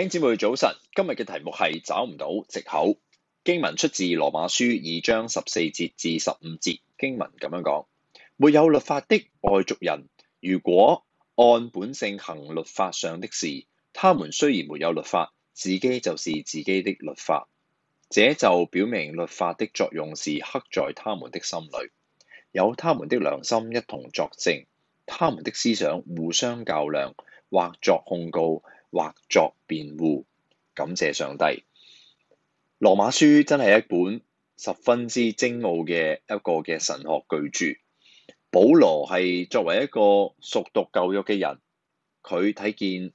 請姐妹早晨，今日嘅題目係找唔到藉口。經文出自羅馬書二章十四節至十五節，經文咁樣講：沒有律法的外族人，如果按本性行律法上的事，他們雖然沒有律法，自己就是自己的律法。這就表明律法的作用是刻在他們的心裏，有他們的良心一同作證，他們的思想互相較量，或作控告。或作辯護，感謝上帝。羅馬書真係一本十分之精奧嘅一個嘅神學巨著。保羅係作為一個熟讀舊約嘅人，佢睇見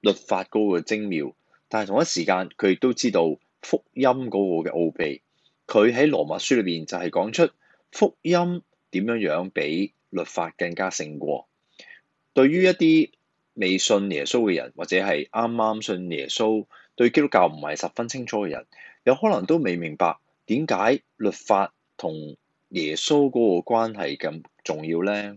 律法嗰個精妙，但係同一時間，佢亦都知道福音嗰個嘅奧秘。佢喺羅馬書裏邊就係講出福音點樣樣比律法更加勝過。對於一啲。未信耶穌嘅人，或者係啱啱信耶穌，對基督教唔係十分清楚嘅人，有可能都未明白點解律法同耶穌嗰個關係咁重要呢。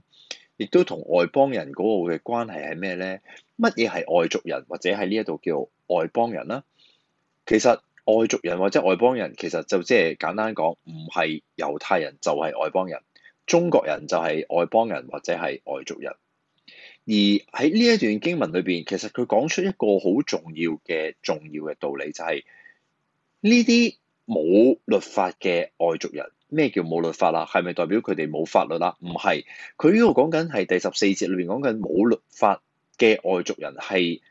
亦都同外邦人嗰個嘅關係係咩呢？乜嘢係外族人或者喺呢一度叫外邦人呢？其實外族人或者外邦人，其實就即係簡單講，唔係猶太人就係外邦人，中國人就係外邦人或者係外族人。而喺呢一段經文裏邊，其實佢講出一個好重要嘅重要嘅道理，就是，就係呢啲冇律法嘅外族人，咩叫冇律法啦、啊？係咪代表佢哋冇法律啦、啊？唔係，佢呢度講緊係第十四節裏邊講緊冇律法嘅外族人係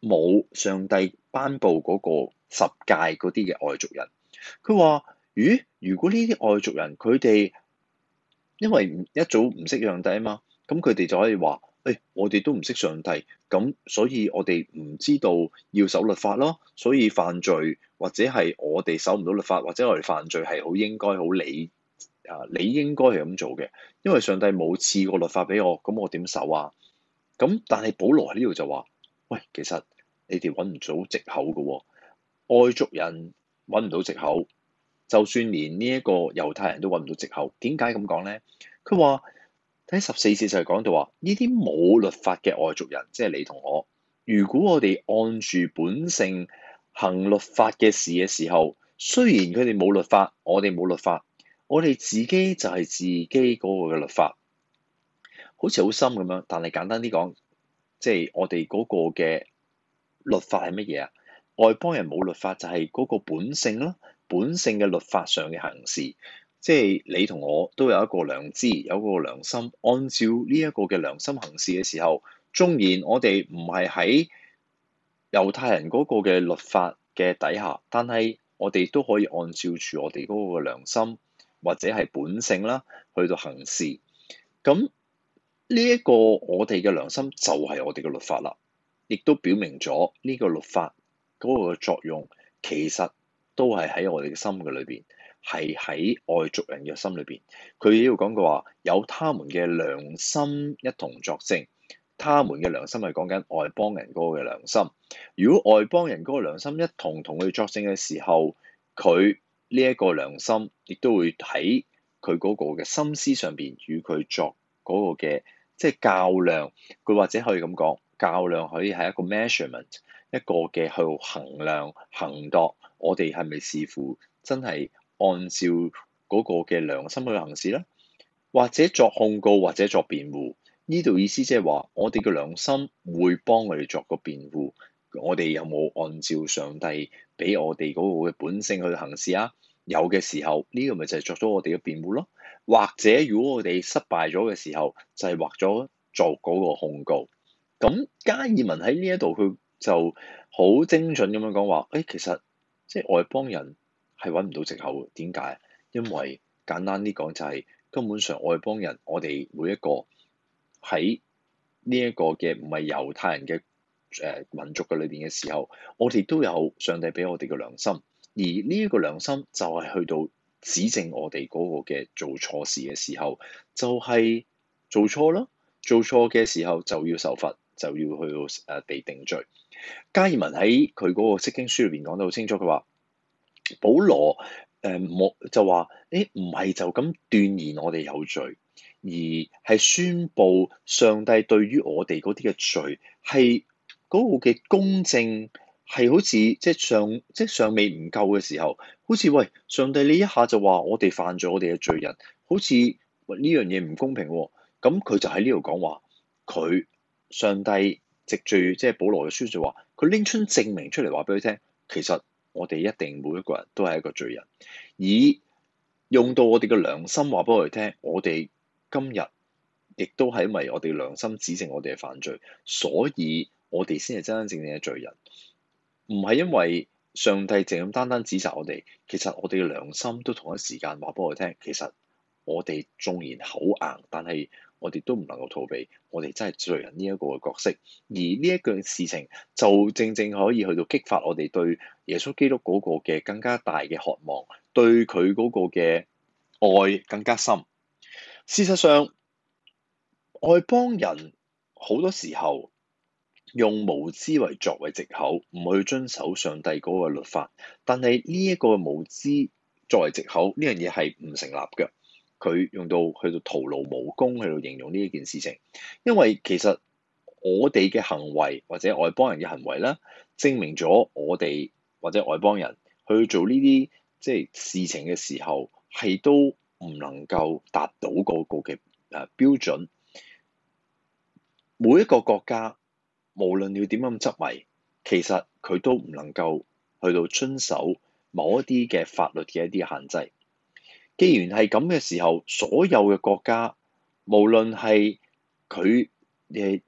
冇上帝頒布嗰個十戒嗰啲嘅外族人。佢話：如如果呢啲外族人佢哋因為一早唔識上帝啊嘛，咁佢哋就可以話。誒、哎，我哋都唔識上帝，咁所以我哋唔知道要守律法咯，所以犯罪或者係我哋守唔到律法，或者我哋犯罪係好應該好理啊，你應該係咁做嘅，因為上帝冇賜過律法俾我，咁我點守啊？咁但係保羅喺呢度就話，喂，其實你哋揾唔到藉口噶喎、哦，外族人揾唔到藉口，就算連呢一個猶太人都揾唔到藉口，點解咁講咧？佢話。喺十四節就係講到話，呢啲冇律法嘅外族人，即係你同我，如果我哋按住本性行律法嘅事嘅時候，雖然佢哋冇律法，我哋冇律法，我哋自己就係自己嗰個嘅律法，好似好深咁樣，但係簡單啲講，即係我哋嗰個嘅律法係乜嘢啊？外邦人冇律法就係嗰個本性啦，本性嘅律法上嘅行事。即係你同我都有一個良知，有個良心，按照呢一個嘅良心行事嘅時候，縱然我哋唔係喺猶太人嗰個嘅律法嘅底下，但係我哋都可以按照住我哋嗰個良心或者係本性啦去到行事。咁呢一個我哋嘅良心就係我哋嘅律法啦，亦都表明咗呢個律法嗰個作用，其實都係喺我哋嘅心嘅裏邊。係喺外族人嘅心裡面裏邊，佢要講嘅話，有他們嘅良心一同作證。他們嘅良心係講緊外邦人嗰嘅良心。如果外邦人嗰個良心一同同佢作證嘅時候，佢呢一個良心亦都會喺佢嗰個嘅心思上邊與佢作嗰個嘅即係較量。佢或者可以咁講，較量可以係一個 measurement，一個嘅去衡量衡度。我哋係咪視乎真係？按照嗰個嘅良心去行事啦，或者作控告，或者作辯護。呢度意思即係話，我哋嘅良心會幫我哋作個辯護，我哋有冇按照上帝俾我哋嗰個嘅本性去行事啊？有嘅時候，呢個咪就係作咗我哋嘅辯護咯。或者，如果我哋失敗咗嘅時候，就係畫咗做嗰個控告。咁加爾文喺呢一度佢就好精準咁樣講話，誒，其實即係外邦人。係揾唔到藉口，點解？因為簡單啲講、就是，就係根本上我哋幫人，我哋每一個喺呢一個嘅唔係猶太人嘅誒民族嘅裏邊嘅時候，我哋都有上帝俾我哋嘅良心，而呢一個良心就係去到指正我哋嗰個嘅做錯事嘅時候，就係、是、做錯囉，做錯嘅時候就要受罰，就要去到誒被定罪。加爾文喺佢嗰個《釋經書》裏邊講得好清楚，佢話。保羅誒冇、嗯、就話，誒唔係就咁斷言我哋有罪，而係宣佈上帝對於我哋嗰啲嘅罪係嗰個嘅公正係好似即係尚即係尚未唔夠嘅時候，好似喂上帝你一下就話我哋犯咗我哋嘅罪人，好似呢樣嘢唔公平喎、哦，咁佢就喺呢度講話佢上帝藉住即係保羅嘅書就話佢拎出證明出嚟話俾佢聽，其實。我哋一定每一個人都係一個罪人，而用到我哋嘅良心話俾我哋聽，我哋今日亦都係因為我哋良心指正我哋嘅犯罪，所以我哋先係真真正正嘅罪人，唔係因為上帝淨咁單單指責我哋，其實我哋嘅良心都同一時間話俾我哋聽，其實我哋縱然口硬，但係。我哋都唔能夠逃避，我哋真係罪人呢一個嘅角色。而呢一樣事情就正正可以去到激發我哋對耶穌基督嗰個嘅更加大嘅渴望，對佢嗰個嘅愛更加深。事實上，外邦人好多時候用無知為作為借口，唔去遵守上帝嗰個律法。但係呢一個無知作為借口呢樣嘢係唔成立嘅。佢用到去到徒勞無功去到形容呢一件事情，因為其實我哋嘅行為或者外邦人嘅行為咧，證明咗我哋或者外邦人去做呢啲即係事情嘅時候，係都唔能夠達到嗰個嘅誒標準。每一個國家無論要點樣執迷，其實佢都唔能夠去到遵守某一啲嘅法律嘅一啲限制。既然係咁嘅時候，所有嘅國家，無論係佢誒，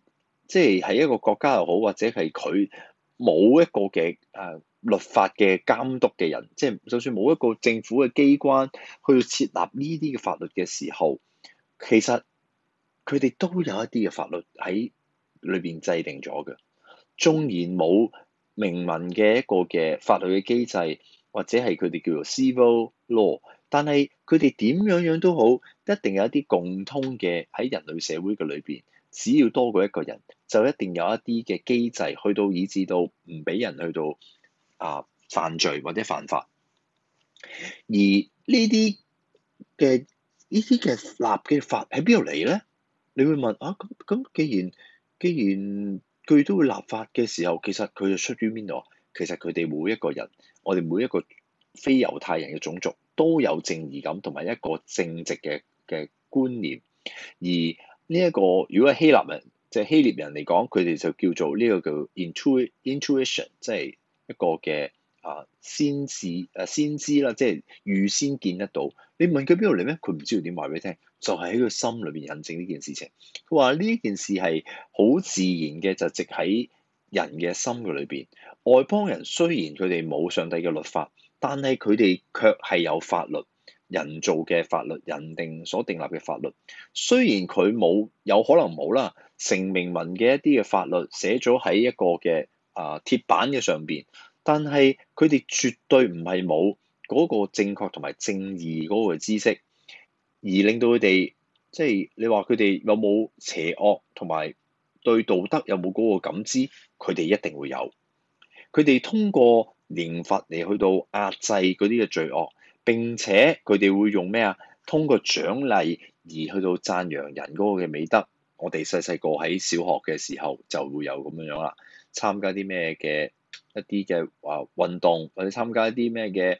即係喺一個國家又好，或者係佢冇一個嘅誒律法嘅監督嘅人，即係就算冇一個政府嘅機關去設立呢啲嘅法律嘅時候，其實佢哋都有一啲嘅法律喺裏邊制定咗嘅，縱然冇明文嘅一個嘅法律嘅機制。或者係佢哋叫做 civil law，但係佢哋點樣樣都好，一定有一啲共通嘅喺人類社會嘅裏邊，只要多過一個人，就一定有一啲嘅機制去到以至到唔俾人去到啊犯罪或者犯法。而呢啲嘅呢啲嘅立嘅法喺邊度嚟咧？你會問啊咁咁，既然既然佢都會立法嘅時候，其實佢就出於邊度啊？其實佢哋每一個人，我哋每一個非猶太人嘅種族都有正義感同埋一個正直嘅嘅觀念。而呢、這、一個如果係希臘人，就是希臘人即係希臘人嚟講，佢哋就叫做呢個叫 intuition，即係一個嘅啊先知啊先知啦，即係預先見得到。你問佢邊度嚟咩？佢唔知道點話俾你聽，就係喺佢心裏邊印證呢件事情。佢話呢件事係好自然嘅，就直喺，人嘅心嘅裏邊，外邦人雖然佢哋冇上帝嘅律法，但係佢哋卻係有法律，人造嘅法律，人定所定立嘅法律。雖然佢冇，有可能冇啦，成明文嘅一啲嘅法律寫咗喺一個嘅啊鐵板嘅上邊，但係佢哋絕對唔係冇嗰個正確同埋正義嗰個知識，而令到佢哋即係你話佢哋有冇邪惡同埋？對道德有冇嗰個感知？佢哋一定會有。佢哋通過懲罰嚟去到壓制嗰啲嘅罪惡，並且佢哋會用咩啊？通過獎勵而去到讚揚人嗰個嘅美德。我哋細細個喺小學嘅時候就會有咁樣樣啦。參加啲咩嘅一啲嘅話運動，或者參加一啲咩嘅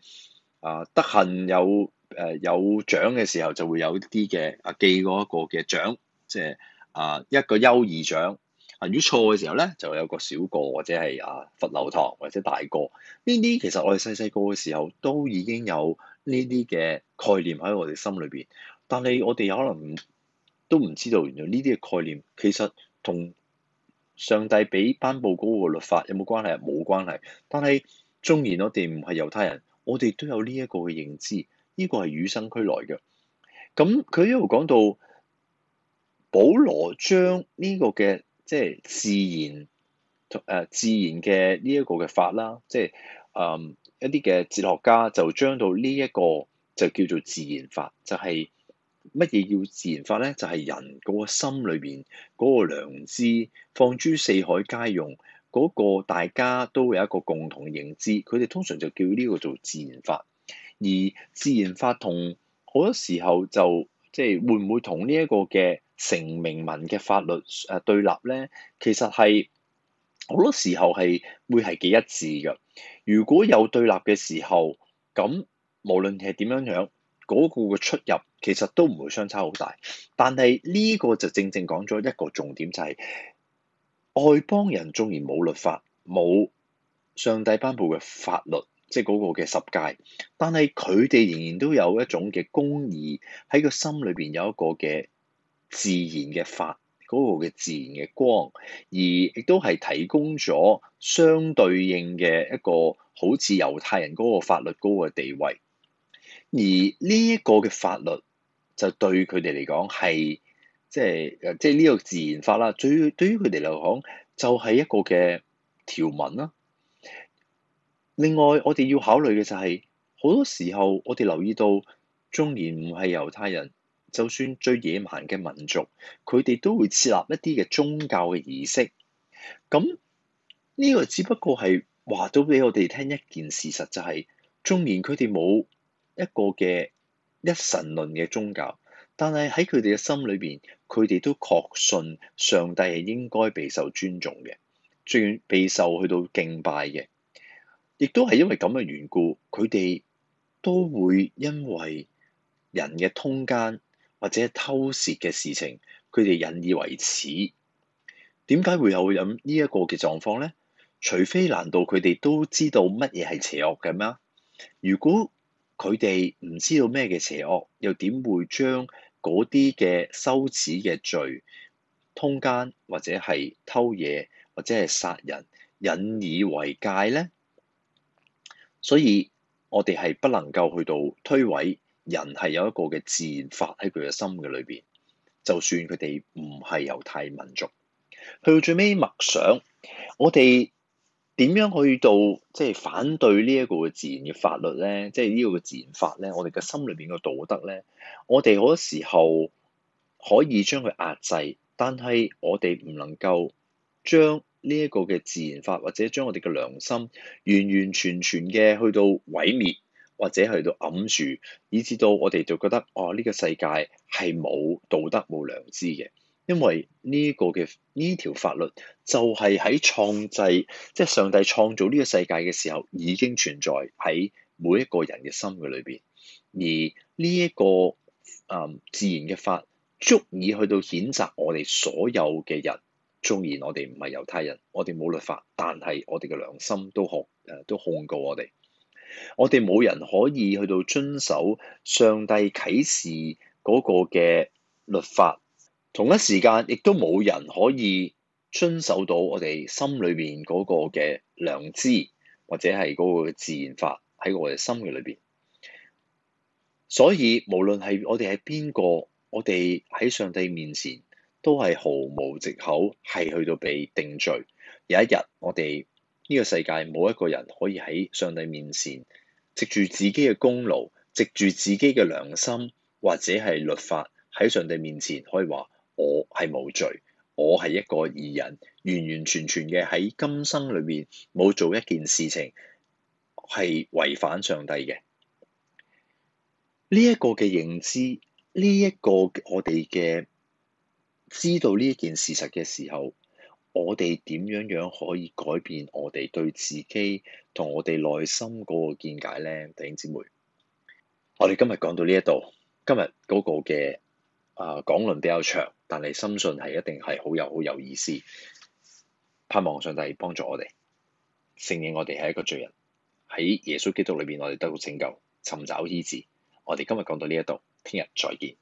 啊得閒有誒有獎嘅時候，就會有啲嘅啊記嗰一個嘅獎，即係。啊，一個優異獎啊，如果錯嘅時候咧，就有個小個或者係啊佛樓堂或者大個呢啲，其實我哋細細個嘅時候都已經有呢啲嘅概念喺我哋心裏邊，但係我哋有可能都唔知道原來呢啲嘅概念其實同上帝俾頒布嗰個律法有冇關係啊？冇關係。但係縱然我哋唔係猶太人，我哋都有呢一個嘅認知，呢個係與生俱來嘅。咁佢一路講到。保羅將呢個嘅即係自然同自然嘅呢一個嘅法啦，即係誒、嗯、一啲嘅哲學家就將到呢一個就叫做自然法，就係乜嘢叫自然法咧？就係、係、人嗰個心裏邊嗰個良知，放諸四海皆用嗰、嗰個，大家都有一個共同認知。佢哋通常就叫呢個做自然法，而自然法同好多時候就即係、就係、會唔會同呢一個嘅成明文嘅法律誒、呃、對立咧，其實係好多時候係會係幾一致㗎。如果有對立嘅時候，咁無論係點樣樣嗰、那個嘅出入，其實都唔會相差好大。但係呢、這個就正正講咗一個重點，就係、是、外邦人縱然冇律法冇上帝頒布嘅法律，即係嗰個嘅十戒，但係佢哋仍然都有一種嘅公義喺個心裏邊有一個嘅。自然嘅法嗰、那個嘅自然嘅光，而亦都係提供咗相對應嘅一個好似猶太人嗰個法律嗰個地位，而呢一個嘅法律就對佢哋嚟講，係即係誒，即係呢個自然法啦。最對於佢哋嚟講，就係、是、一個嘅條文啦、啊。另外，我哋要考慮嘅就係、是、好多時候，我哋留意到，縱然唔係猶太人。就算最野蠻嘅民族，佢哋都會設立一啲嘅宗教嘅儀式。咁呢、這個只不過係話到俾我哋聽一件事實，就係，就係縱然佢哋冇一個嘅一神論嘅宗教，但係喺佢哋嘅心裏邊，佢哋都確信上帝係應該被受尊重嘅，最被受去到敬拜嘅。亦都係因為咁嘅緣故，佢哋都會因為人嘅通姦。或者偷竊嘅事情，佢哋引以為恥，點解會有咁呢一個嘅狀況咧？除非難道佢哋都知道乜嘢係邪惡嘅咩？如果佢哋唔知道咩嘅邪惡，又點會將嗰啲嘅羞恥嘅罪，通姦或者係偷嘢或者係殺人引以為戒咧？所以我哋係不能夠去到推諉。人係有一個嘅自然法喺佢嘅心嘅裏邊，就算佢哋唔係猶太民族，去到最尾默想，我哋點樣去到即係、就是、反對呢一個嘅自然嘅法律咧？即係呢個嘅自然法咧，我哋嘅心裏邊嘅道德咧，我哋好多時候可以將佢壓制，但係我哋唔能夠將呢一個嘅自然法或者將我哋嘅良心完完全全嘅去到毀滅。或者去到揞住，以至到我哋就覺得，哦，呢個世界係冇道德、冇良知嘅，因為呢一個嘅呢條法律就係喺創制即係上帝創造呢個世界嘅時候已經存在喺每一個人嘅心嘅裏邊，而呢一個誒自然嘅法，足以去到譴責我哋所有嘅人。縱然我哋唔係猶太人，我哋冇律法，但係我哋嘅良心都可誒都控告我哋。我哋冇人可以去到遵守上帝啟示嗰個嘅律法，同一時間亦都冇人可以遵守到我哋心裏面嗰個嘅良知，或者係嗰個自然法喺我哋心嘅裏邊。所以無論係我哋係邊個，我哋喺上帝面前都係毫無借口，係去到被定罪。有一日我哋。呢個世界冇一個人可以喺上帝面前，藉住自己嘅功勞，藉住自己嘅良心，或者係律法喺上帝面前可以話我係無罪，我係一個義人，完完全全嘅喺今生裏面冇做一件事情係違反上帝嘅。呢一個嘅認知，呢一個我哋嘅知道呢一件事實嘅時候。我哋點樣樣可以改變我哋對自己同我哋內心嗰個見解咧？弟兄姊妹，我哋今日講到呢一度，今日嗰個嘅啊、呃、講論比較長，但係深信係一定係好有好有意思。盼望上帝幫助我哋，承認我哋係一個罪人，喺耶穌基督裏邊，我哋得到拯救，尋找醫治。我哋今日講到呢一度，聽日再見。